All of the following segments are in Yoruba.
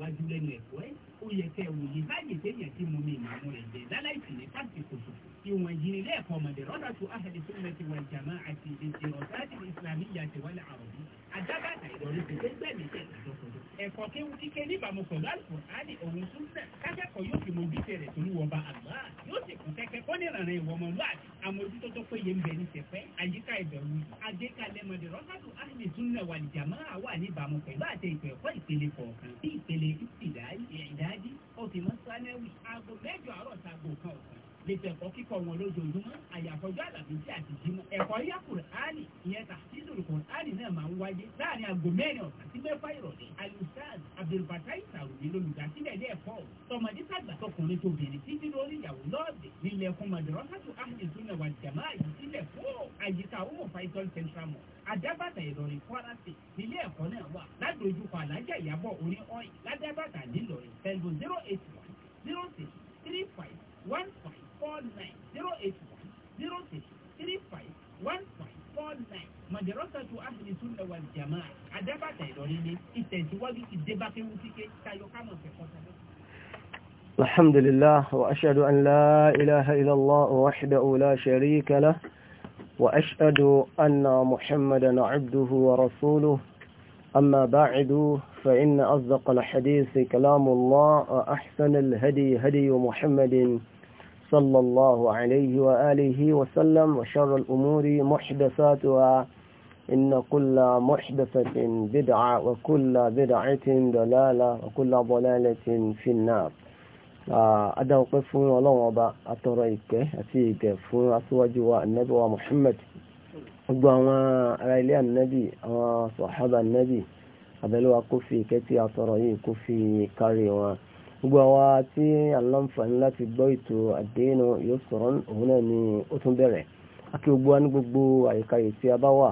tẹ̀síwájú lẹ́nu ẹ̀kọ́ ẹ̀ ó yẹ kẹ́ ẹ wòye báyìí téèyàn tí mo ní ìmàmú rẹ̀ jẹ́ láláìsí ní pàtì kòtò ìwọ̀n ìjìnlẹ̀ lẹ́ẹ̀kan ọmọdé rọ́dà tó ahli sunnati wal jama'ati ìdíje ọ̀sáàtì ìsìlámì yàtì wal arabi àdábàtà ìrọ̀lẹ́ tó fẹ́ gbẹ̀mí ẹ̀kọ́ kéwu kíké níbàámu pẹ̀lú àlùkùránì òun súnmọ́ kákẹ́kọ̀ọ́ yóò fi mójútó rẹ̀ tó lùwọ̀ bá àgbà yóò sì kún kẹ́kẹ́ ó ní ìrànà ìwọ̀ ọmọlúwàbí àmójútó tó péye ń bẹ ní tẹ̀fẹ́ àyíká ìbẹ̀wò àgbékalẹ̀ mọ̀dẹ̀rọ́sàtò ahli sunna wal jama'a wà níbàámu pẹ̀lú àti ìpẹ̀kọ́ ìpele kọ̀ọ̀kan bí ìpele ìdájí ọ̀sìn mọ́sálẹ́wì aago mẹ́jọ àárọ̀ sago kan ọ̀sán lè tẹ̀kọ́ kíkọ́ wọn lójoojúmọ́ àyàfọ́jọ́ àlàbí tí àti jímọ̀ ẹ̀kọ́ yá kùránì ìyẹn tàṣídùrù kùránì náà máa ń wáyé láàrin aago mẹ́rin ọ̀sán sí mẹ́fà ìrọ̀lẹ́ alustaz abdulfatai sàrùmí lolùdásílẹ̀ ilé ẹ̀kọ́ tọmọdé sàgbà tọkùnrin tóbìnrin títí lórí ìyàwó lọ́ọ̀dẹ̀ nílẹ̀kùn madrasatu ahli sunna wal jamaa yìí sílẹ̀ fún àyíká owó umm faisal central mall adábàtà ìlọrin kwara state nílé ẹ̀kọ́ náà wà ládojúkọ alájà ìyàbọ̀ orí ọ̀yìn ládábàtà nílọrin pẹ̀lú zero eight one zero six three five one five. الحمد لله وأشهد أن لا إله إلا الله وحده لا شريك له وأشهد أن محمدا عبده ورسوله أما بعد فإن أصدق الحديث كلام الله وأحسن الهدي هدي محمد صلى الله عليه وآله وسلم وشر الأمور محدثاتها إن كل محدثة بدعة وكل بدعة دلالة وكل ضلالة في النار أدعو قفون والله وضع أتريك أتيك فون أسواج النبي ومحمد أدعو رأيلي النبي وصحاب النبي أبلو أكفي كتي أتريك كفي كاري gbogbo àwa tí aláǹfààní láti gbọ́ ètò àdéhùn yóò sọ̀rọ̀ òun náà ni ó tún bẹ̀rẹ̀ akí gbogbo wa ní gbogbo àyíká yìí tí a bá wà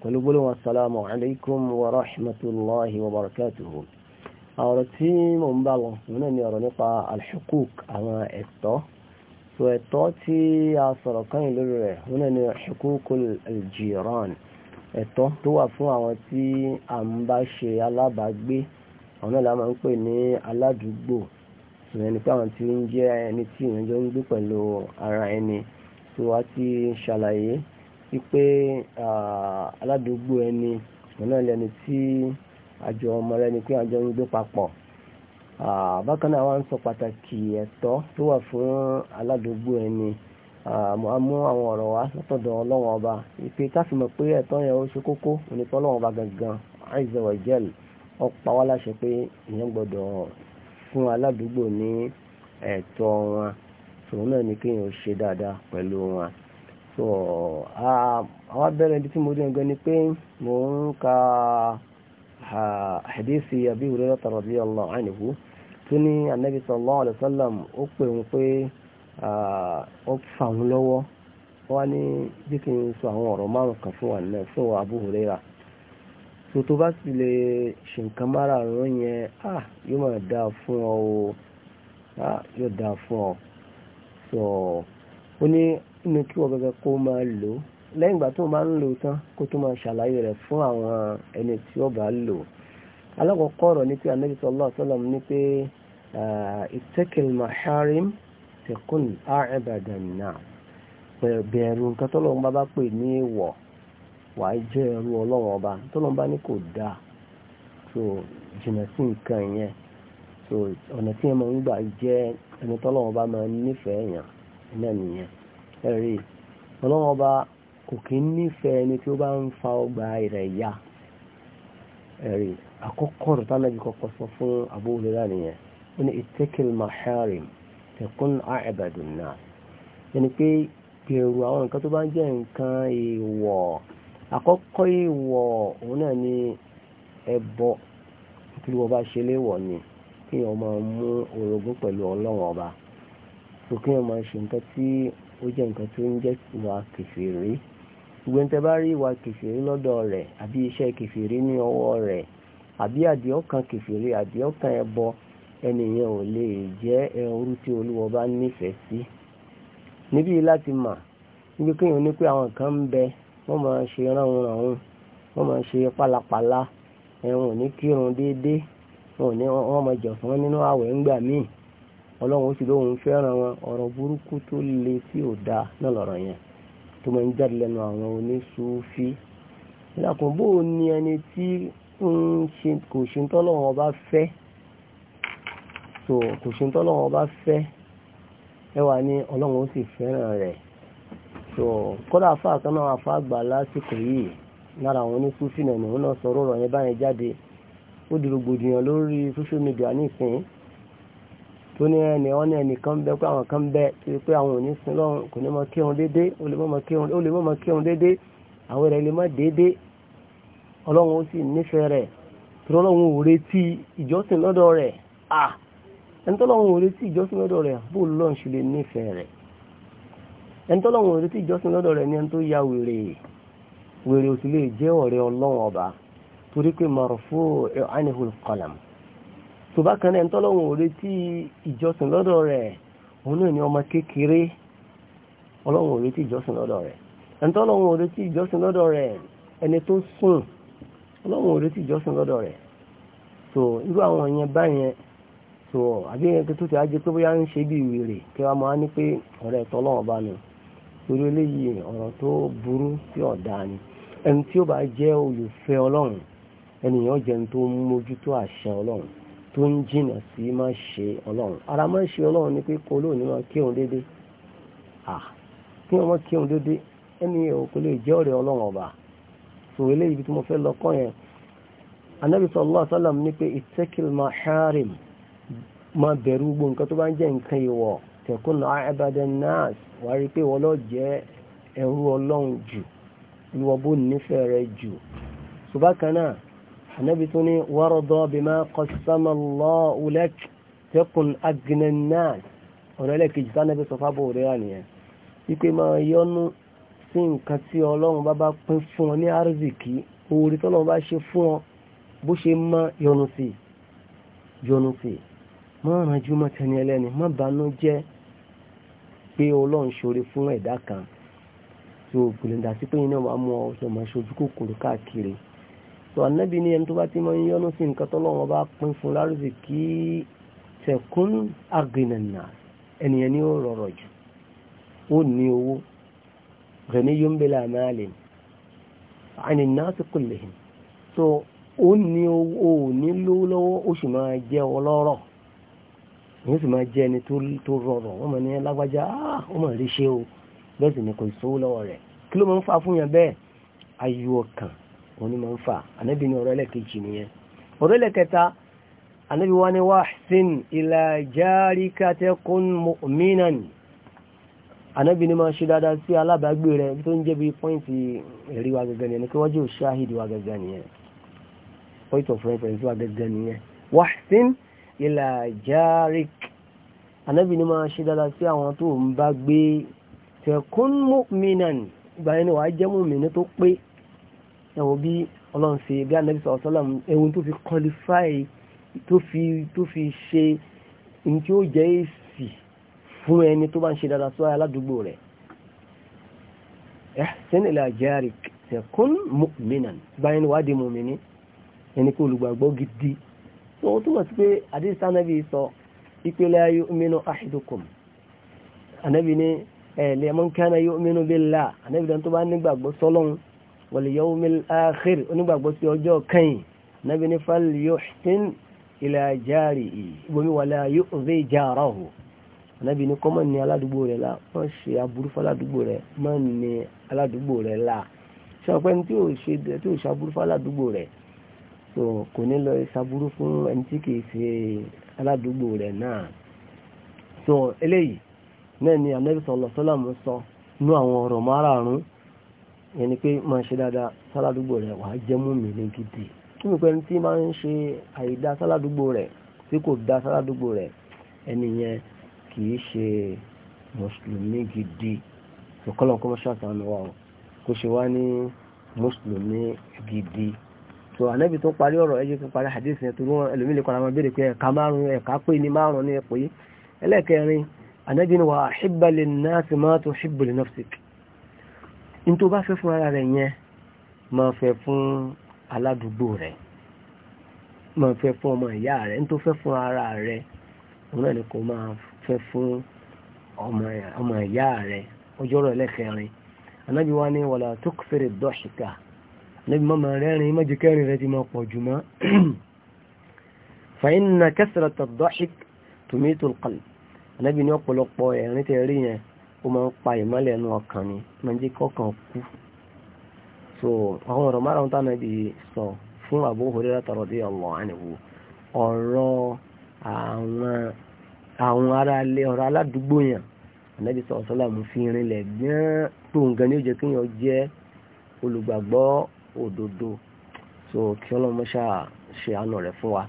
pẹ̀lú gbólóhùn asalaamu alaykum wa rahmatulahi wa barakatuhu ọ̀rọ̀ tí mo ń bá lọ òun náà ni ọ̀rọ̀ nípa alhukuk àwọn ẹ̀tọ́ so ẹ̀tọ́ tí a sọ̀rọ̀ kányìn lórí rẹ̀ òun náà ni hukukul aljiran ẹ̀tọ́ tó wà fún àwọn tí a ń bá ṣe alábàágbé àwọn náà la máa ń pè ní aládùúgbò ìyẹn ni pé àwọn tí ń jẹ́ ẹni tí ìyẹn jọ ń gbé pẹ̀lú ara ẹni tí wàá ti ṣàlàyé wípé aládùúgbò ẹni òun náà lẹni tí àjọ ọmọ rẹ ni pé àjọ ń gbé papọ̀ bákan náà wọ́n ń sọ pàtàkì ẹ̀tọ́ tó wà fún aládùúgbò ẹni a mú àwọn ọ̀rọ̀ wá látọ̀dọ̀ ọlọ́wọ́n ọba ìpè káfíńmọ̀ pé ẹ̀tọ́ yẹn ó ṣe kókó òní pọ́ ọlọ́wọ́n ọba gangan azza wa ọ̀pá wa láṣẹ pé ìyẹn gbọ́dọ̀ fún aládùúgbò ní so wọn tòun náà ni kéèyàn ṣe wọn. so àwọn abẹ́rẹ́ ibi tí mo dé gan ni pé mò ń ka hadisi Abi Hurairah radiyallahu anhu tó ní anabi sallallahu alayhi ó pè wọn pé ó fà wọn wọn bí kí n sọ àwọn márùn kan so tó bá sì lè ṣe nǹkan márààrún yẹn ah yóò máa dáa fún ọ o ah yóò dáa fún ọ so ó ní inú kí wọ́n gẹ́gẹ́ kó máa lò ó lẹ́yìn ìgbà tó máa ń lò tán kó tó máa ṣàlàyé rẹ̀ fún àwọn ẹni tí ó bá lò alákọ̀ọ́kọ́ ọ̀rọ̀ ní pé anabi sallallahu alaihi wasallam ní pé ah, ittaqil maharim takun a'badan nas bẹ̀rù nǹkan tó lọ́wọ́ bá bá pè ní ìwọ̀ wàá jẹ́ ẹrú ọlọ́run ọba tọ́lọ́n bá kò dáa so jìnnà sí nǹkan so ọ̀nà tí yẹn máa ń gbà jẹ́ ẹni tọ́lọ́run ọba máa ń nífẹ̀ẹ́ yàn náà nìyẹn ẹ̀rí ọlọ́run ọba kò kí ń nífẹ̀ẹ́ ẹni tí ó bá ń fa ọgbà rẹ̀ ya ẹ̀rí àkọ́kọ́ rẹ̀ tánàbí kọ́kọ́ sọ fún Abu Hurairah nìyẹn ó ní ittaqil maharim ẹni pé àwọn nǹkan tó bá jẹ́ nǹkan àkọ́kọ́ ìwọ̀ òun náà ni ẹbọ tí wọ́n bá ṣe léwọ̀ ni kí wọ́n máa mú orogún pẹ̀lú ọlọ́run ọba tó kí wọ́n máa ṣe nǹkan tí ó jẹ́ nǹkan tó ń jẹ́ ìwà bá rí ìwà lọ́dọ̀ rẹ̀ àbí iṣẹ́ ní ọwọ́ rẹ̀ àbí ẹnìyẹn ò lè jẹ́ ẹrú tí olúwa bá nífẹ̀ẹ́ sí níbí wọ́n máa ṣe ránun ràun wọ́n máa ṣe pálapàla ẹ̀wọ̀n ní kírun déédéé wọn ò ní wọ́n máa jọ̀fún nínú àwẹ̀ ńgbà míì ọlọ́run ó sì lóun fẹ́ràn wọn ọ̀rọ̀ burúkú tó le tí ò dáa náà lọ̀rọ̀ yẹn tó máa ń jáde lẹ́nu àwọn oníṣúfí ìlàkùn bó o ní ẹni tí kò ṣe tọ́lọ́wọ́n bá fẹ́ kò ṣe tọ́lọ́wọ́n bá fẹ́ ẹwà ni ọlọ́run ó sì fẹ́ràn rẹ̀ so kódà fún àkànnà afá àgbà lásìkò yìí lára àwọn onísúfì náà nìyẹn náà sọ rọrọ yẹn báyẹn jáde ó di rògbòdìyàn lórí social media nísìn tó ní ẹnì ọ́nà ẹnìkan bẹ pé àwọn kan bẹ tó yẹ pé àwọn ò ní sin lọ́run kò ní mọ kírun dédé ó lè mọ kírun dédé àwọn ẹ̀rẹ̀ lè mọ dédé ọlọ́run ó sì nífẹ̀ẹ́ rẹ̀ tó lọ́run ò retí ìjọsìn lọ́dọ̀ rẹ̀ à ẹni tó lọ́run ò retí ìjọsìn lọ́dọ̀ rẹ̀ bó lọ́n ṣe lè nífẹ̀ẹ́ rẹ̀ ẹni tó lọ́wọ́ retí ìjọsìn lọ́dọ̀ rẹ̀ ni ẹni tó ya wèrè wèrè òsì lè jẹ́ ọ̀rẹ́ ọlọ́run ọba torí pé marfu anihul qalam tó bá kan ẹni tó lọ́wọ́ retí ìjọsìn lọ́dọ̀ rẹ̀ òun náà ni ọmọ kékeré ọlọ́run retí ìjọsìn lọ́dọ̀ rẹ̀ ẹni tó lọ́wọ́ retí ìjọsìn lọ́dọ̀ rẹ̀ ẹni tó sùn ọlọ́run retí ìjọsìn lọ́dọ̀ rẹ̀ so irú àwọn yẹn báyẹn so àbí ẹni tó ti á jẹ pé bóyá ń ṣe bí wèrè kí wọ́n máa ní pé ọ̀rẹ́ ẹ̀tọ́ ọlọ́run ọba ni torí eléyìí ọ̀rọ̀ tó burú sí ọ̀dà ni ẹni tí ó bá jẹ́ olùfẹ́ ọlọ́run ẹnìyàn jẹ́ ẹni tó ń mójútó àṣẹ ọlọ́run tó ń jìnà sí má ṣe ọlọ́run ara má ṣe ọlọ́run ni pé kó lóòní máa kírun dédé kí wọ́n máa kírun dédé ẹni ò kò lè jẹ́ ọ̀rẹ́ ọlọ́run ọba sọ eléyìí tí mo fẹ́ lọ kọ́ yẹn anabi sallallahu alaihi wasallam ní pé itekil maharim máa bẹ̀rù gbogbo tó bá ń jẹ́ nǹkan ìwọ̀ tẹ̀kùn àìbàdàn náà wà á rí i pé wọ́n lọ jẹ́ ẹrú ọlọ́run jù ìwọ bó nífẹ̀ẹ́ rẹ jù ṣùgbọ́n kan ànábi tó ní wárọ̀dọ́ bima qassama Allahu lak takun aghna an-nas ọ̀rọ̀ ẹlẹ́kejì tánàbí sọ fábọ̀ rẹ̀ àníyàn wípé máa yọnu sí nǹkan tí ọlọ́run bá bá pín fún ọ ní arzikí orí tọ́lọ́run bá ṣe fún ọ bó ṣe mọ́ yọnu sí yọnu sí mọ́ ránjú mọ́ tẹni ẹlẹ́ni mọ́ bànú jẹ́ pé ọlọ́run ṣoore fún ẹ̀dá kan tó gbìlẹ̀dà sí pé iná wa mú ọ ṣe máa ṣojú kòkòrò káàkiri tó anábì ní ẹni tó bá ti máa ń yọnu sí nǹkan tọ́lọ́run bá pín fún lárúbì kí tẹ̀kún àgbìnànà ẹnìyẹn ní ó rọrọ̀ jù ó ní owó rẹ̀ ní yóò ń àní náà ti kò lè so ó ní owó ò ní lówó lọ́wọ́ ó sì máa jẹ́ ọlọ́rọ̀ wọ́n sì máa jẹ́ ẹni tó rọrọ̀ wọ́n máa ní ah, lágbájá ah, ó máa rí ṣe o bẹ́ẹ̀ sì ni kò sówó lọ́wọ́ rẹ̀ kí ló máa ń fà fún yẹn bẹ́ẹ̀ ayọ̀ ọkàn òun ni máa ń fà ànábì ní ọ̀rọ̀ ẹlẹ́kejì nìyẹn ọ̀rọ̀ ẹlẹ́kẹta ànábì wa ni wahsin ila jarika takun mu'minan ànábì ni máa ṣe dáadáa sí alábàágbé rẹ̀ tó ń jẹ́ bí pọ́ìntì ẹ̀rí wa gẹ́gẹ́ nìyẹn kí wọ́n jẹ́ òṣáhìdì wa gẹ́gẹ́ nìyẹn pọ́ìntì ọ̀fọ̀rẹ́fẹ̀rẹ́ wa gẹ́gẹ́ nìyẹn wahsin ilà jarik anábì ní máa ṣe dáadáa sí àwọn tó ń bá gbé tẹkún mọ́mìnàn ìgbà yẹn wàá jẹ́ mọ́mìnà tó pé ẹ̀wọ̀n bí ọlọ́run bí anábì sọ̀rọ̀ sọ́lá tó fi kọlifáì tó fi tó fi ṣe ní tí ó jẹ́ èsì fún ẹni tó bá ń ṣe dáadáa sí aládùúgbò rẹ̀ ẹ̀sìn ilà jarik tẹkún mọ́mìnàn ìgbà ẹni kó so ó túmọ̀ sí pé àdìsá anábì sọ ìpele ayé omínú ahidukum anábì ní ẹ̀ẹ́lẹ́ mọ́nkánà yóò omínú billah anábì dán tó bá nígbàgbọ́ sọ́lọ́n wal yawmil akhir onígbàgbọ́ sí ọjọ́ kẹ́yìn anábì ní fal yuhsin ila jarihi ìbomi wala yu'zi jarahu anábì ní kọ́mọ̀ ní aládùúgbò rẹ̀ la wọ́n ṣe aburú fún aládùúgbò rẹ̀ mọ́ rẹ̀ so kò ní lọ ìsaburú fún ẹni tí kìí ṣe aládùúgbò rẹ̀ náà so eléyìí náà ni anabi sallallahu alaihi wasallam sọ nú àwọn ọ̀rọ̀ márààrún yẹn ni pé máa ṣe dáadáa sáládùúgbò rẹ̀ wàá jẹ́ mú mi ní gidi kí ni ẹni tí máa ń ṣe àìdá sáládùúgbò rẹ̀ tí kò dá sáládùúgbò rẹ̀ ẹni yẹn kìí ṣe mùsùlùmí gidi so kọ́lọ̀ kọ́mọ́ṣáàtà ni wà ó kó ṣe wá ní mùsùlùmí gidi so ànábì tó parí ọ̀rọ̀ ẹ̀jẹ̀ tó parí hadith yẹn torí wọn ẹlòmíì lè kọ́ra máa béèrè pé ẹ̀ka márùn-ún ẹ̀ka pé ní márùn-ún ní ẹ̀pọ̀ yìí ẹlẹ́ẹ̀kẹrin ànábì ni wà á hibba lin nasi ma tuhibbu li nafsik ní tó bá fẹ́ fún ara rẹ̀ yẹn máa fẹ́ fún aládùúgbò rẹ̀ máa fẹ́ fún tó fẹ́ náà ni kò ni wàlá tukfiri dọ́ṣìkà níbi mọ́mọ́ rẹ́rin mọ́jìkẹ́rin rẹ ti mọ́ pọ̀ jù mọ́ fa inna kasrata ad-dahik tumitu al-qalb anábì ní ọ̀pọ̀lọpọ̀ ẹ̀rín tẹ rí yẹn ó máa ń pa ìmọ́lẹ̀ ẹnu ọkàn ni máa ń kú so àwọn ọ̀rọ̀ márùn-ún tánà bí sọ fún Abu Hurairah radiyallahu anhu ọ̀rọ̀ àwọn ará ilé ọ̀rọ̀ aládùúgbò yẹn anábì sọ̀rọ̀ sọ́là mú fi rinlẹ̀ olùgbàgbọ́ òdodo so kí ọlọ́mọ ṣáà ṣe àánú rẹ̀ fún wa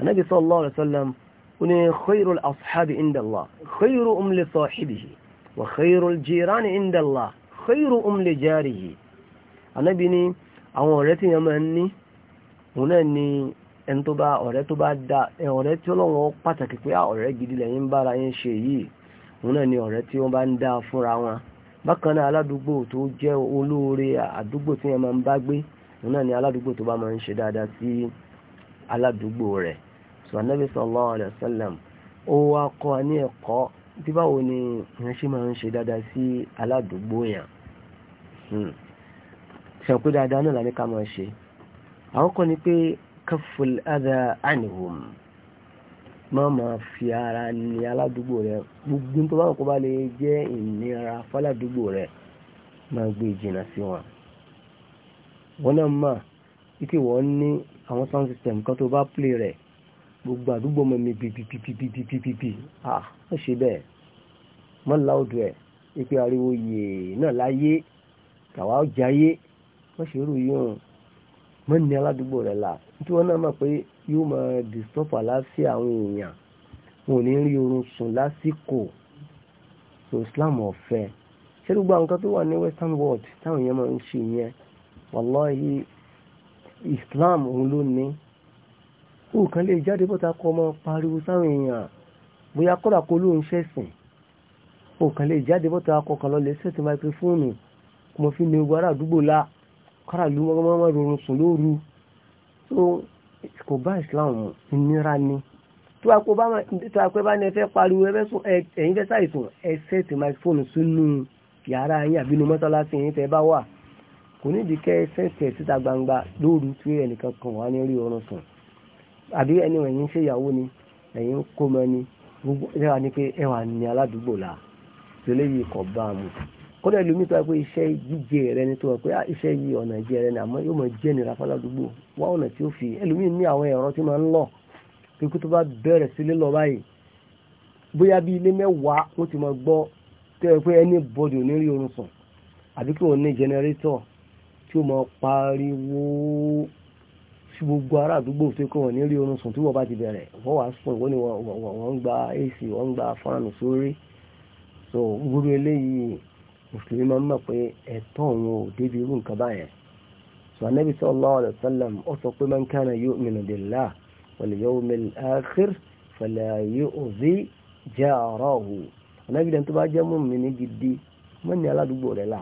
anabi sallallahu alayhi wa sallam ó ní khayrul ashabi indallah khayruhum li sahibihi wa khayrul jirani indallah khayruhum li jarihi anabi ní àwọn ọ̀rẹ́ tí yẹn máa ń ní òun náà ni ẹni tó bá ọ̀rẹ́ tó bá da ọ̀rẹ́ tí ọlọ́wọ́ pàtàkì pé ah, ọ̀rẹ́ gidi lẹ́yìn bára yín ṣe yìí òun náà ni ọ̀rẹ́ tí wọ́n bá ń dá fúnra wọn bákan náà aládùúgbò tó jẹ́ olóore àdúgbò tí yẹn máa ń bá gbé náà ni aládùúgbò tó bá máa ń ṣe dáadáa sí aládùúgbò rẹ̀ sọ anábì sallallahu alaihi wasallam ó wá kọ́ ní ẹ̀kọ́ bí báwo ni ìyẹn ṣe máa ń ṣe dáadáa sí aládùúgbò yẹn hmm. ṣe dáadáa náà la ní ká máa ṣe àwọn kan ní pé kaful adha anhum má máa fi ara ní aládùúgbò rẹ gbogbo tó bá wọn kó bá lè jẹ ìnira fáládùúgbò rẹ máa gbé ìjìnà sí wọn. wọn náà mà wípé wọn ní àwọn sound system kan tó bá play rẹ gbogbo àdúgbò mọ mi pipipipipipipipi ah ó ṣe bẹ́ẹ̀ mọ láòdù ẹ wípé ariwo yèé náà láyé tàwa ó jayé wọn ṣe rú yìí hàn mọ ní aládùúgbò rẹ là tí wọ́n náà mọ̀ pé yóò máa disturb àlàáfíà àwọn èèyàn wọn ò ní rí oorun sùn lásìkò so Islam ọ̀fẹ́ ṣé gbogbo àwọn kan tó wà ní western world táwọn èèyàn máa ń ṣe yẹn wàláhì Islam òun ló ní nǹkan lè jáde bọ́ta kọ́ ọmọ pariwo sáwọn èèyàn bóyá kọ́dà kó ló ń ṣẹ̀sìn nǹkan lè jáde bọ́ta kọkàn lọ lè ṣètì máìkrófóònù kò mọ̀ fi ní ogun ará àdúgbò la kọ́dà ló mọ́ rọrùn sùn lóru so kò bá islam mu ìnira ni tó àpò bá tó àpò bá ní ẹ fẹ́ pariwo ẹ fẹ́ sùn ẹ̀yin fẹ́ ṣàìsùn ẹ sẹ́ẹ̀tì microphone sínú yàrá yín àbínú mọ́sálásí yín tẹ́ bá wà kò ní ìdíkẹ́ sẹ́ẹ̀tì ẹ̀ síta gbangba lóru tí ẹnìkan kan wà ní orí ọrùn sùn àbí ẹni ẹ̀yin ń ṣèyàwó ni ẹ̀yin kó mọ ni gbogbo ẹ̀wà ni pé ẹ̀wà ni aládùúgbò la tẹ́lẹ̀ yìí kọ̀ bá a mú kódà ìlú mítọ́ pé iṣẹ́ jíjẹ rẹ ni tó wọ pé ah, iṣẹ́ yìí ọ̀nà jẹ rẹ ni àmọ́ yóò mọ̀ jẹ́ nira fáládùúgbò wá ọ̀nà tí ó fi ẹlòmíì ní àwọn ẹ̀rọ tí máa ń lọ kíkú tó bá bẹ̀rẹ̀ sí lílọ báyìí bóyá bí ilé mẹ́wàá wọ́n ti máa gbọ́ tẹ́ ẹ pé ẹni bọ́dì ò ní rí oorun sùn àbí kí wọ́n ní jẹnẹrétọ̀ tí ó máa pariwo sí gbogbo ará tó kọ́ wọ́n ní rí oorun sùn tí wọ́n bá ti bẹ̀rẹ̀ wọ́n wá sùn wọ́n ni wọ́n gba ac wọ́n gba fáànù sórí so gbogbo eléyìí mùsùlùmí máa ń mọ̀ pé ẹ̀tọ́ òun ò débi irú nǹkan báyẹn sọ anábì sallallahu alaihi wasallam ó sọ pé man kana yu'minu billahi wal yawmil akhir fala yu'zi jarahu anábì dẹ́n tó bá jẹ́ mùmínì gidi mọ́ ní aládùúgbò rẹ̀ là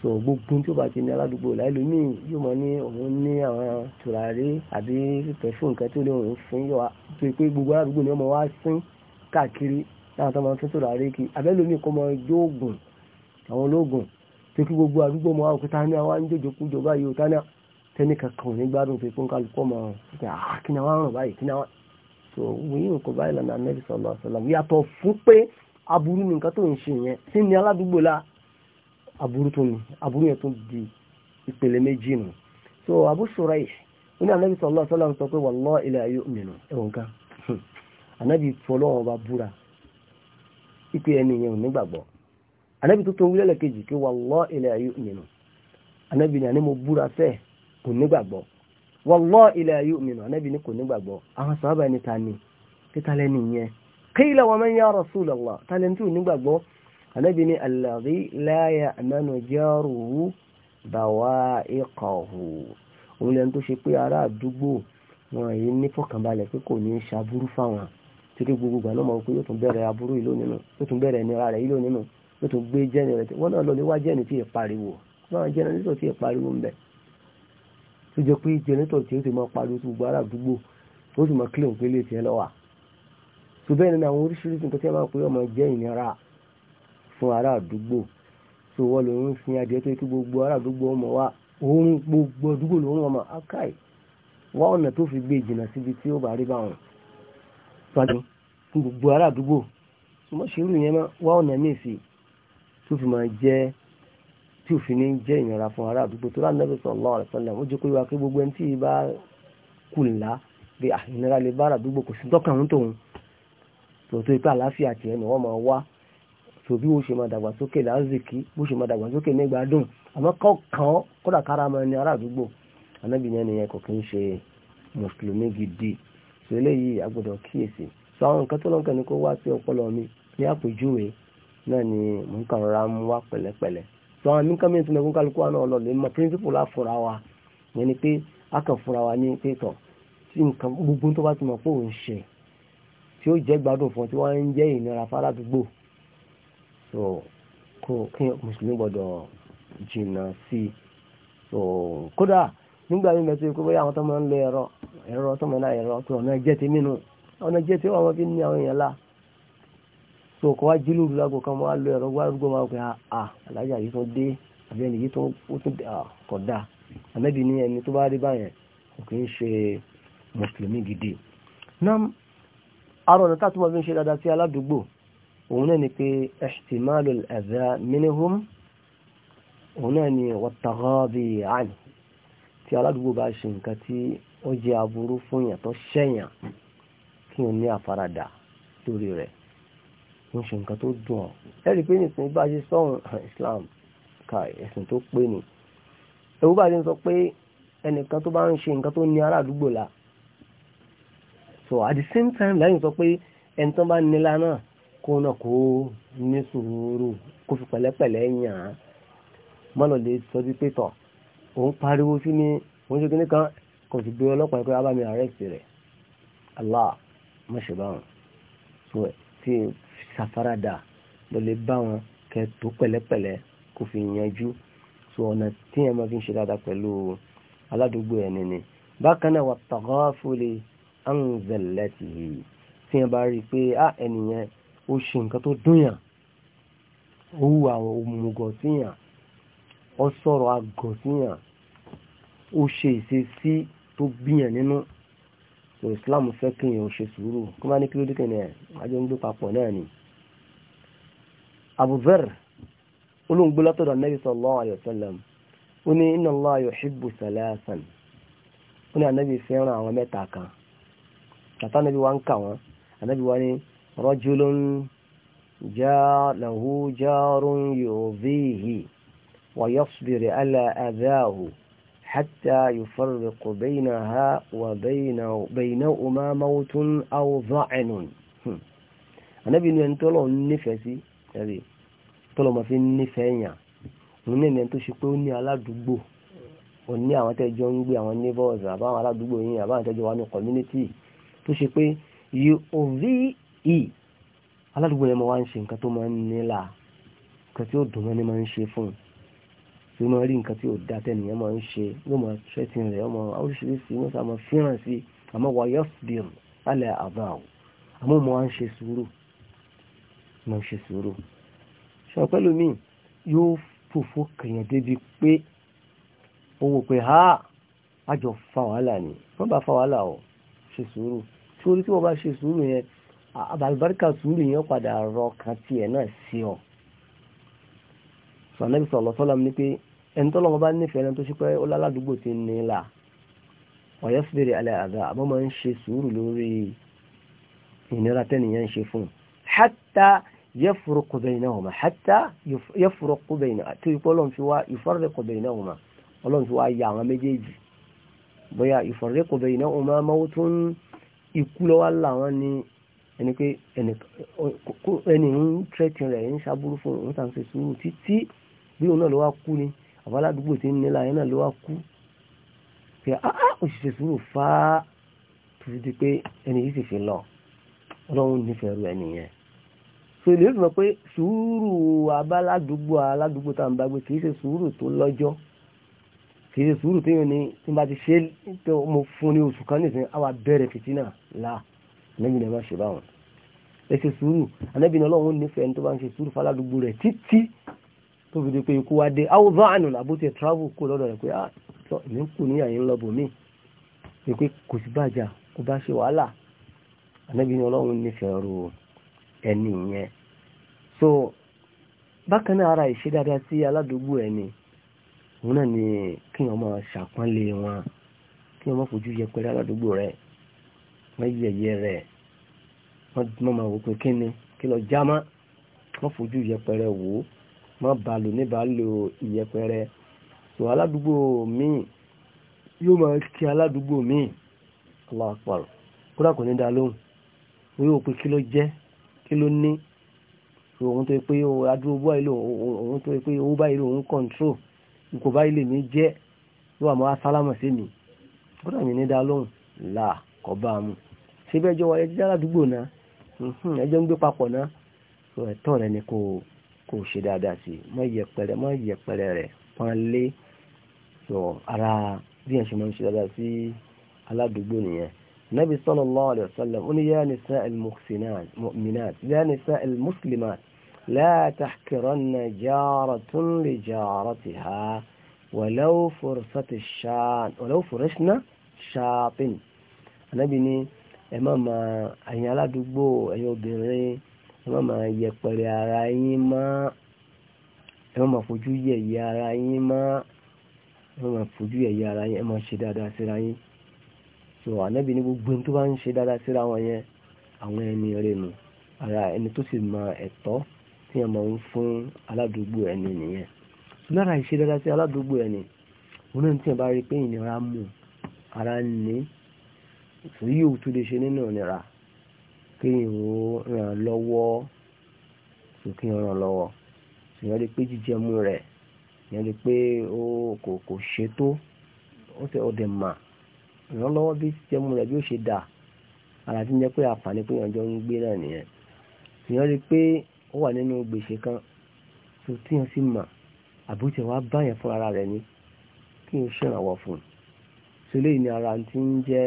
so gbogbo tó bá ti ní aládùúgbò rẹ̀ ẹlòmíì yóò mọ ní òun ní àwọn tùràrí àbí pẹ̀fún nǹkan tó lè òun fún yọ pé gbogbo aládùúgbò ni wọ́n mọ wá sín káàkiri láwọn tó máa tún sọ̀rọ̀ àárẹ̀ kí abẹ́lómi kọ́ máa jó oògùn àwọn olóògùn tó kí gbogbo àdúgbò máa ah, wò kíta ní àwọn àńjòjò kújọ báyìí òtá tẹ́ni kankan ní gbádùn ah, ni àwọn àrùn báyìí kí ni àwọn. tó wíyí nǹkan báyìí lànà Ànábì sallallahu alaihi wasallam yàtọ̀ fún pé aburú ni nǹkan tó ń ṣe yẹn sí ni aládùúgbò la aburú ni aburú yẹn tó di ìpele méjì nù. so Abu Shuraih ó ní Ànábì sallallahu alaihi wasallam sọ pé wallahi la yu'minu ẹ̀wọ̀n kan Ànábì bá búra ipe ẹni yẹn ò nígbàgbọ́ anábì tó tó ń wílẹ̀ kejì kí wallahi la yu'minu anábì ní àní mo búra fẹ́ kò nígbàgbọ́ wallahi la yu'minu anábì ní kò nígbàgbọ́ àwọn sàhábà ẹni ta ni títa lẹ́ni yẹn qila wa man ya rasulallah ta lẹ́ni tí ò nígbàgbọ́ anábì ní alladhi la ya'manu jaruhu bawa'iqahu òun lẹ́ni tó ṣe pé ará àdúgbò wọn yìí ní fọkànbalẹ̀ pé kò ní ṣàbúrú fáwọn tí kí gbogbo gbà lọ́mọ pé yóò tún bẹ̀rẹ̀ aburú ìlú nínú yóò tún bẹ̀rẹ̀ ìnira rẹ̀ ìlú nínú yóò tún gbé jẹ́ni rẹ̀ wọ́n náà lọ lè wá jẹ́ni tí ì pariwo náà jẹ́ni nítorí tí ì pariwo ń bẹ̀ tó jẹ́ pé jẹ́ni tó ti ó ti máa pariwo tó gbogbo ará àdúgbò tó sì máa kílè òkèlè tiẹ̀ lọ́wà tó bẹ́ẹ̀ ni àwọn oríṣiríṣi nǹkan tí a pè ọmọ jẹ́ ìnira fún ará tó wọ́n lò ń sin adìẹ tó kí gbogbo ará ọmọ wa òun gbogbo àdúgbò lòun ọmọ akáì wá ọ̀nà tó fi gbé ìjìnà síbi tí ó bá rí báwọn sọ́ni fún gbogbo ará àdúgbò ṣùgbọ́n ṣerú yẹn máa wá ọ̀nà míì sí tó fi máa jẹ́ tí òfin ní jẹ́ ìnira fún ará àdúgbò tó láti nẹ́bí sallallahu alaihi wasallam ó jẹ́ pé wá pé gbogbo ẹni tí ì kù ńlá bí ìnira lè bá ará àdúgbò kò sí tọ́kàn ń tòun tòótọ́ ipá àláfíà tiẹ̀ ni wọ́n máa wá tò bí wọ́n ṣe máa dàgbàsókè láńzìkì bó ṣe máa dàgbàsókè nígbà dùn àmọ́ kọ́kàn kódà kára máa ní ará àdúgbò anábìyẹn nìyẹn kò kí ń ṣe mùsùlùmí gidi sọ eléyìí agbọ́dọ̀ kíyèsí sọ àwọn nǹkan tó lọ́nkàn ní kó wá sí ọpọlọ mi ní àpèjúwe náà ni mò ń kàn rọra mú wá pẹ̀lẹ́pẹ̀lẹ́ sọ àwọn nǹkan mìíràn tó mẹ́kún kálukú wa náà lọ lè mọ píríncípù láfura wa yẹn ni pé a kàn fura wa ní pé tọ̀ tí nǹkan gbogbo tó bá ti mọ̀ pé òun ṣe tí ó jẹ́ gbádùn fún ọ tí wọ́n ń jẹ́ ìnira fárá àdúgbò so kó kí mùsùlùmí gbọ́dọ̀ jìnnà sí i so kódà nígbà mímẹ́tò ẹ̀rọ tó mọ̀ náà ẹ̀rọ tó ọ̀nà jẹ́ ti mínú ọ̀nà jẹ́ ti wọ́n fi ní àwọn èèyàn lá so kọ́ wá jílù lágbo kan wá lo ẹ̀rọ gbárùgbó máa pẹ́ à ah, ah, alájà yìí tó dé àbí ẹni yìí tó tún ah, kódà ànábì ní ẹni tó bá rí báyẹn kò kí ń ṣe mùsùlùmí gidi nam arọ ọ̀nà tá a tún máa fi ń ṣe dáadáa sí aládùúgbò òun náà ni pé ihtimalu al-adha tí aládùúgbò bá ṣe nǹkan tí ó jẹ́ aburú fún yàn tó ṣẹ̀yàn kí o ní àfaradà lórí rẹ̀ ń ṣe nǹkan tó dùn ọ́ ẹ̀rí pé nìsín bá ṣe sọ́hun Islam ka ẹ̀sìn tó pé ni ewu bá ṣe ń sọ pé ẹnìkan tó bá ń ṣe nǹkan tó ní ará àdúgbò la so at the same time lẹ́yìn sọ pé ẹni tó bá nílá náà kó náà kó ní sùúrù kó fi pẹ̀lẹ́pẹ̀lẹ́ yàn án mọ́nà lè sọ bí pé tọ̀ òun pariwo sí ni òun ṣe kíní kan kò sì gbé ọlọ́pàá pé abámi àrẹ́sì rẹ̀ Allah mọ̀ṣẹ̀báwọn so tí safarada ló lè bá wọn kẹ tó pẹ̀lẹ́pẹ̀lẹ́ kó fi yanjú so ọ̀nà tí ẹ máa fi ń ṣe dáadáa pẹ̀lú aládùúgbò ẹni ni bákan náà wà tàgáfólè anzẹ̀lẹ́tì yìí tí ẹ bá rí i pé á ẹnìyẹn ó ṣe nǹkan tó dúnyàn ó wù àwọn òmùgọ̀ síyàn ó sọ̀rọ̀ àgọ̀ síyàn ó ṣe ìṣesí tó bíyàn nínú so islam fẹ́ kí èèyàn ṣe sùúrù kó má ní kí ló dé kẹ́ni ẹ̀ ajọ́ ń gbé papọ̀ náà ni. Abu Dharr olóńgbò látọ̀dọ̀ anabi sallallahu alayhi wa sallam ó ní inna Allah yuhibbu salasan ó ní anabi fẹ́ràn àwọn mẹ́ta kan tàtà anabi wa ń kà wọ́n anabi wa ní rajulun jaa lahu jarun yu'dhihi wa yasbir ala adhahu. حتى يفرق بينها وبين وبينهما موت أو ضعن النبي أن تلو النفسي tẹ́lẹ̀ tọ́lọ́ ma fi nífẹ̀ẹ́ yàn òun ní ẹni tó ṣe pé ó ní aládùúgbò òun ní àwọn tẹ́jọ́ ń gbé àwọn neighbors àbáwọn aládùúgbò yìí àbáwọn tẹ́jọ́ wà ní community tó ṣe pé òbí yìí aládùúgbò yẹn máa ń ṣe nǹkan tó máa ń nílà nǹkan tí ó dùn mọ́ ni máa ń ṣe fún un tí ó máa rí nǹkan tí ò dá tẹ́nìyàn máa ń ṣe yóò máa ṣẹ́tìn rẹ̀ ọmọ oríṣiríṣi wọ́n sá máa fíràn sí àmọ́ wà yọ́sìdìrì alẹ́ àbá ò àmọ́ mo máa ń ṣe sùúrù máa ń ṣe sùúrù ṣùgbọ́n pẹ́lú mi yóò fòfò kèèyàn débi pé ó wò pé ha àjọ fa wàhálà ni wọ́n bá fa wàhálà ọ̀ ṣe sùúrù tí orí tí wọ́n bá ṣe sùúrù yẹn àbàlùbáríkà sùúrù yẹn padà rọ kan tiẹ̀ náà sí ọ sọ anábìsọ̀ ọ̀lọ́sọ́lá mi ní pé ẹni tó lọ́wọ́ bá nífẹ̀ẹ́ ẹni tó ṣe pé ó láládùúgbò ti ní là ọ̀yọ́ fèrè alẹ́ àdá àbọ̀ máa ń ṣe sùúrù lórí ìnira tẹ́nìyàn ń ṣe fún un hátà yẹ́fùrọ̀kù baynahuma hátà yẹ́fùrọ̀kù baynahuma tó ipò ọlọ́run fi wá ìfọ́rẹ́kù baynahuma ọlọ́run fi wá ya àwọn méjèèjì bóyá ìfọ́rẹ́kù baynahuma mawtun bí òun náà lọ́wọ́ kú ni àbáládùúgbò tí ń nílà yẹn náà ló wá kú pé áá ah, òṣìṣẹ́ ah, sùúrù fá títí di pé ẹni yìí sì fi lọ ọlọ́run nífẹ̀ẹ́ rú ẹni yẹn so èlé fi mọ̀ pé sùúrù abáládùúgbò aládùúgbò tá à ń bá gbé kìí ṣe sùúrù tó lọ́jọ́ kìí ṣe sùúrù tó yẹn ni tí bá ti ṣe tó mo fún ní oṣù kan nìsín àwa bẹ̀rẹ̀ fìtínà là lẹ́yìn lẹ́ẹ̀ má ṣe báwọn ẹ ṣe sùúrù anábìnrin ọlọ́run nífẹ̀ẹ́ ẹni tó bá ń ṣe sùúrù fáládùúgbò rẹ̀ títí tó fi di pé ikú wá dé áwùzọ́ àánú làbó ti travel kó lọ́dọ̀ rẹ̀ pé ah tọ́ èmi ń kú ní àyè ńlọ bòmí ni pé kò sí bàjá kò bá ṣe wàhálà ànábi ni ọlọ́run nífẹ̀ẹ́ ro ẹni yẹn so bákan náà ara ìṣe dáadáa sí aládùúgbò ẹni òun náà ni kí wọn máa ṣàpọ́nlé wọn kí wọn máa fojú yẹpẹrẹ aládùúgbò rẹ wọn yẹyẹ rẹ wọn máa wò pé kí kí lọ jámá wọn fojú yẹpẹrẹ wò ó má balò níbalò ìyẹpẹrẹ so aládùúgbò míì yóò máa kí aládùúgbò míì Allahu Akbar kódà kò ní dá lóhùn wọ́n yóò pé kí ló jẹ́ kí ló ní so òun tó yẹ pé adúró báyìí lò òun tó yẹ pé owó báyìí lò òun kọ̀ǹtró nǹkan báyìí lè mí jẹ́ yóò àmọ́ asálámọ̀ sí mi kódà mi ní dá lóhùn là kọ́ bá a mú síbẹ̀ jọ wọ́n ẹjẹ́ aládùúgbò náà ẹjọ́ ń gbé papọ̀ náà ẹ̀tọ́ rẹ ni kò kò ṣe dáadáa sí mọ́ yẹpẹrẹ mọ́ yẹpẹrẹ rẹ̀ pọ́n lé sọ ara bí ẹ̀ ṣe máa ń ṣe dáadáa sí aládùúgbò nìyẹn nabi sallallahu alayhi wa sallam ó ní yá nisa al-mu'minat yá nisa al-muslimat la tahkiranna jaratun li jaratiha walaw fursati shan walaw furishna shatin anabi ni ẹ má ma ẹ̀yin aládùúgbò ẹ̀yin obìnrin ẹ má máa yẹpẹrẹ ara yín má ẹ má máa fojú yẹ̀yẹ́ ara yín má ẹ má máa fojú yẹ̀yẹ́ ara yín ẹ má ṣe dáadáa síra yín so ànábì ní gbogbo tó bá ń ṣe dáadáa síra wọn yẹn àwọn ẹni rẹ nù ara ẹni tó sì mọ ẹ̀tọ́ tí wọn máa ń fún aládùúgbò ẹni nìyẹn so lára ìṣe dáadáa sí aládùúgbò ẹni wọn náà tí wọn bá rí pé ìnira mú ara ní èyí ò lè ṣe nínú ìnira. kéèyàn ó ràn lọ́wọ́ tó kéèyàn ràn lọ́wọ́ èèyàn lè pé jíjẹmú rẹ̀ lè pé ó kò kò ṣe tó ó sì ọdẹ mà ràn lọ́wọ́ bí jíjẹmú rẹ̀ bí ó ṣe dà ara ti ń jẹ́ pé àǹfààní pé èèyàn ń gbé náà nìyẹn lè pé ó wà nínú gbèsè kan tó sì mà fún ara rẹ̀ ni kí n ṣèrànwọ́ fún un sọ ni ara ti ń jẹ́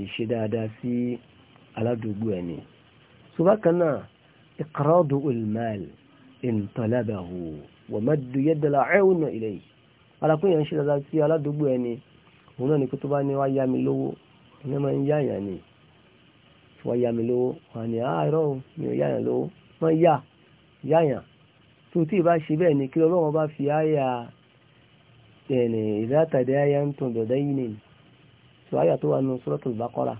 ìṣe Si, aládùúgbò ẹni ṣùgbọ́n náà iqradu al-mal in talabahu wa maddu yad al-aun ilayhi alákùnyàn ṣe dáadáa sí aládùúgbò ẹni òun náà ni kó tó bá ní wá yá mi lówó ẹni máa ń yáyà ni wá yá mi lówó wà ní àárọ̀ ah, mi ò yáyà lówó wọ́n yá yáyà tó tí ìbá ṣe bẹ́ẹ̀ ni kí ọlọ́run bá fi àyà ẹ̀ẹ́nì àyà ń tún dọ̀dẹ́ yìí ni tó àyà tó wà nù Suratul Baqara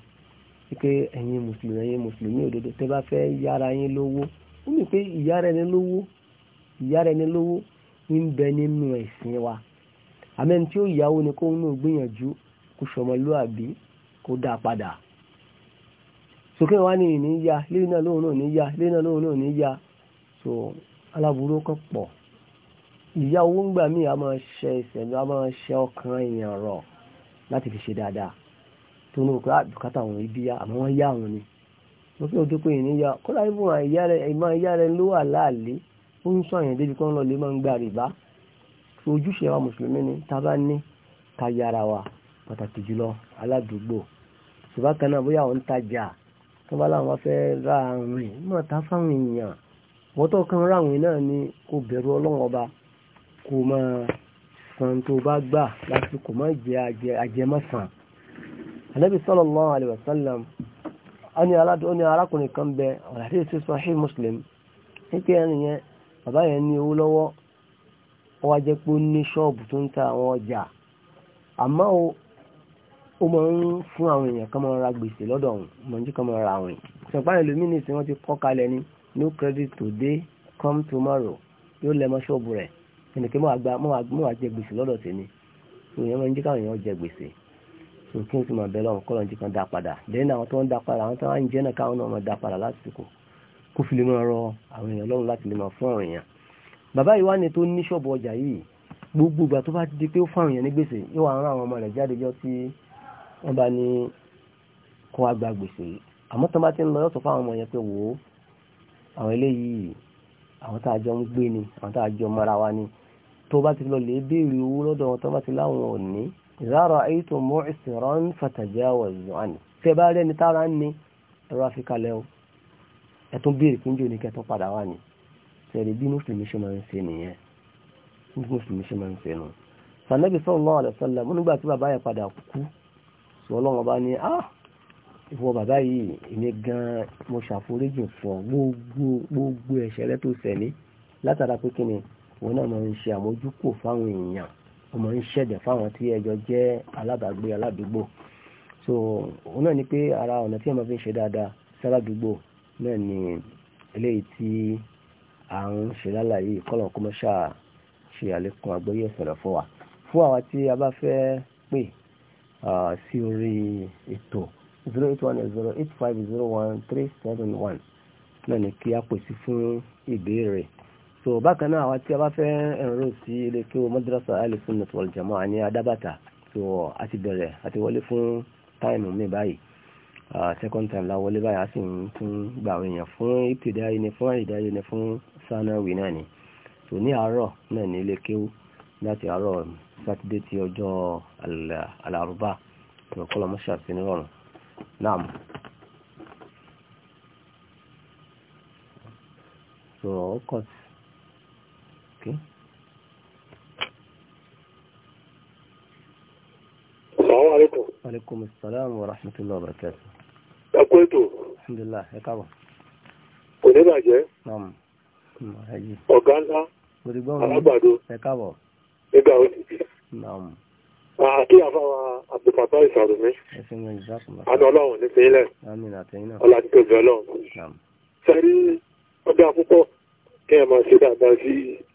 pé ẹ̀yin mùsùlùmí ẹ̀yin mùsùlùmí òdodo tẹ́ bá fẹ́ yára yín lówó ó mì pé ìyára ẹni lówó ìyára ẹni lówó ń bẹ nínú ẹ̀sìn wa àmẹ́ni tí ó yáwó ni kóun náà gbìyànjú kó sọmọlúàbí kó dá padà sókè wá ní ìní ya lẹ́yìn náà lóhun náà ní ya lẹ́yìn náà lóhun náà ní ya so aláburú kan pọ̀ ìyá owó ń gbà míì a máa ṣe ìṣẹ̀lú a máa ṣe ọkàn èèyàn láti fi ṣe dáadáa tó ní òkú àbùkátà ah, àwọn ibi yá àmọ́ wọ́n yá àwọn ni mo fi ojú pé ìní yá kọ́lá ibù ìmọ̀ ìyá rẹ ló wà láàlé ó ń sọ àyàn débi kan lọ lè máa ń gba rìbá ojúṣe wa mùsùlùmí ni tá a ní ká yára wa pàtàkì jùlọ aládùúgbò ṣùgbọ́n kan náà bóyá òun tajà tó bá láwọn fẹ́ ra àwìn náà tá fáwọn èèyàn wọ́tọ̀ kan ráwìn náà ni kò bẹ̀rù ọlọ́wọ́n ọba kò máa san tó bá gbà lásìkò má jẹ ajẹmọ́sàn anabi sallallahu alayhi wa sallam ani aládùn ni arákùnrin kan bẹ ọ̀rọ̀ àti èsì sahih muslim nígbà yẹn nìyẹn bàbá yẹn ní owó lọ́wọ́ ó wá jẹ́ pé ó ní ṣọ́ọ̀bù tó ń ta àwọn ọjà àmọ́ o ó máa ń fún àwọn èèyàn kan máa ra gbèsè lọ́dọ̀ ọ̀hún máa ń jí credit today come tomorrow yóò lẹ mọ́ ṣọ́ọ̀bù rẹ̀ ẹnìkan mọ́ wàá jẹ gbèsè lọ́dọ̀ tèmi ìyẹn máa ń jí káwọn èèyàn jẹ gbèsè so kí n sì máa bẹ lọ́wọ́ kọ́ lọ́njì kan dá padà lẹ́yìn àwọn tó ń dá padà àwọn tó ń jẹ́ náà káwọn náà máa dá padà lásìkò kó fi lè máa rọ àwọn èèyàn lọ́rùn láti lè máa fún àwọn èèyàn. bàbá yìí wá ní tó ní ṣọ́ọ̀bù ọjà yìí gbogbo ìgbà tó bá di pé ó fún àwọn èèyàn ní gbèsè yóò wá rán àwọn ọmọ rẹ̀ jáde jọ tí wọ́n bá ní kó wá gba gbèsè àmọ́ tó bá ti ń lọ yọ̀tọ̀ fáwọn ọmọ yẹn pé wò ìzára ètò mọ́ ìsìnrọ́ ń fàtàjà wọ̀ ìzọ́n tẹ́ bá rẹ́ni tára ń ní ẹ̀rọ àfikalẹ̀ o ẹ̀tún béèrè kúnjẹ́ oníkẹ́tún padà wà ní tẹ̀lé bí mùsùlùmí ṣe máa ń ṣe nìyẹn bí mùsùlùmí ṣe máa ń ṣe nù. sànẹ́bí sallallahu alaihi wasallam nígbà tí bàbá yẹn padà kú sọlọ́wọ́n bá ní ah ìwọ bàbá yìí èmi gan mo ṣàforíjì fún gbogbo gbogbo tó ṣẹ̀ látara pé kí ni òun náà máa ń ṣe àmójúkò fáwọn èèyàn ọmọ ń ṣẹ̀dẹ̀ fáwọn tí ẹjọ́ jẹ́ alábàágbé aládùúgbò so òun náà ni pé ara ọ̀nà tí ẹ̀mọ́ fi ń ṣe dáadáa sáládùúgbò náà ni eléyìí tí à ń ṣe lálàyé kọ́lọ̀ kó mọ́ ṣáà ṣe àlékún àgbọ́yé ìṣẹ̀lẹ̀ fún wa fún àwa tí a bá fẹ́ pè sí orí ètò zero eight one zero eight five zero one three seven one náà ni kí a pèsè fún ìbéèrè so bákan náà àwọn tí a bá fẹ́ ẹ̀rọ sí ilé o madrasa al-sunnah wal jama'a ní adábàtà so a ti bẹ̀rẹ̀ a ti wọlé fún táìmù mi second time la wọlé báyìí a tun ń tún gba àwọn èèyàn fún ìpìdáyé ni fún ìdáyé ni fún sanawi náà ni so ní àárọ̀ náà ní ilé kéwú láti àárọ̀ sátidé ti ọjọ́ alárúbá kọlọmọṣà sí nírọ̀rùn náà so ó kọ̀ sí. Okay. Assalamu alaikum. Wa alaikum assalam wa rahmatullahi wa barakatuh. Ẹ kú ètò. Alhamdulillah, ẹ káàbọ̀. Kò ní bàjẹ́. Ọ̀gá ńlá. Alágbàdo. Ẹ káàbọ̀. Nígbà ó ti di. Àti àfáwà Abdulfatah Ìsàrùmí. Àná ọlọ́run ní Fínlẹ̀. Ọlá ti ọlọ́run. Sẹ́rí ọdún àkókò kí ẹ máa ṣe dáadáa sí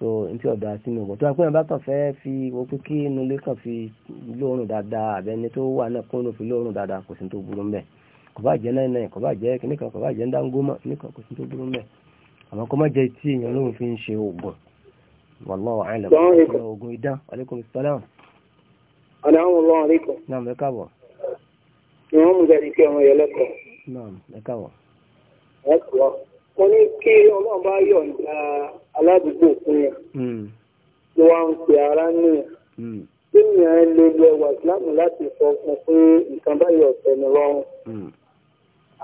so n tí ọ̀dà sínú ọ̀bọ̀ tó wá pé ìbátan fẹ́ fi wo pé kí inú ilé kan fi lóorùn dáadáa àbẹ́ni tó wà náà kó inú fi lóorùn dáadáa kò sí tó burú mbẹ́ kò bá jẹ́ náírà kò bá jẹ́ kíní kan kò bá jẹ́ ńdángómà nìkan kò sí tó burú mbẹ́ àmọ́ kó má jẹ́ tí èèyàn lóhùn fi ń ṣe oògùn wallahu a'lam oògùn idán aleykum salaam. aláwọ̀ ọlọ́run aleykum. naam ẹ káàbọ̀. ìwọ́n mú gàdí kí ọmọ yẹn lẹ́kọ̀ọ́. naam ẹ káàbọ̀ mo ní kí ọlọ́run bá yọ̀ǹda aládùúgbò fún yàn ló hmm. wá ń pe ara nìyàn tí yàn hmm. lè lo ẹwà ìsìláàmù láti sọ fún pé nǹkan báyọ̀ ọ̀sẹ̀ ni lọ́rùn hmm.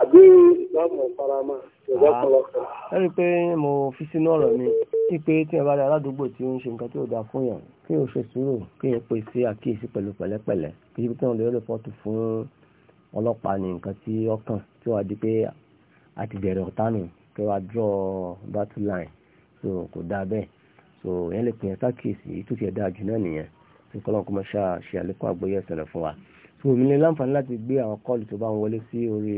àbí ìsìláàmù ọ̀farama ìjọba ah. kan lọ́sẹ̀. ẹ rí i pé mo fi sínú ọ̀rọ̀ mi sí pé tí ẹ bá rí aládùúgbò tí ó ń ṣe nǹkan tí ò dáa fún yàn kí o ṣe sùúrù kí o pè sí àkíyèsí pẹ̀lú pẹ̀lẹ́pẹ̀lẹ́ kí ibi tí wọ́n lè rẹ́pọ̀tù fún ọlọ́pàá ní nǹkan tí ọkàn tí wàá di pé àtìbẹ̀rẹ̀ ọ̀tá nù kí wàá draw battle line so kò dáa bẹ́ẹ̀ so yẹn lè pè é sákèsì èyí tó ti ẹ̀ dáa jù náà nìyẹn tí kọ́lọ́n kó máa ṣe àlékún àgbóyè ìṣẹ̀lẹ̀ fún wa so èmi ní láǹfààní láti gbé àwọn kọ́ọ̀lù tó bá ń wọlé sí orí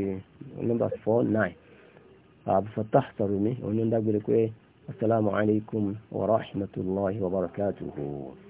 nọ́mbà four nine abdulfatah sarumi onídàgbére pé asalaamualeykum wa rahmatulahi wa barakatuhu.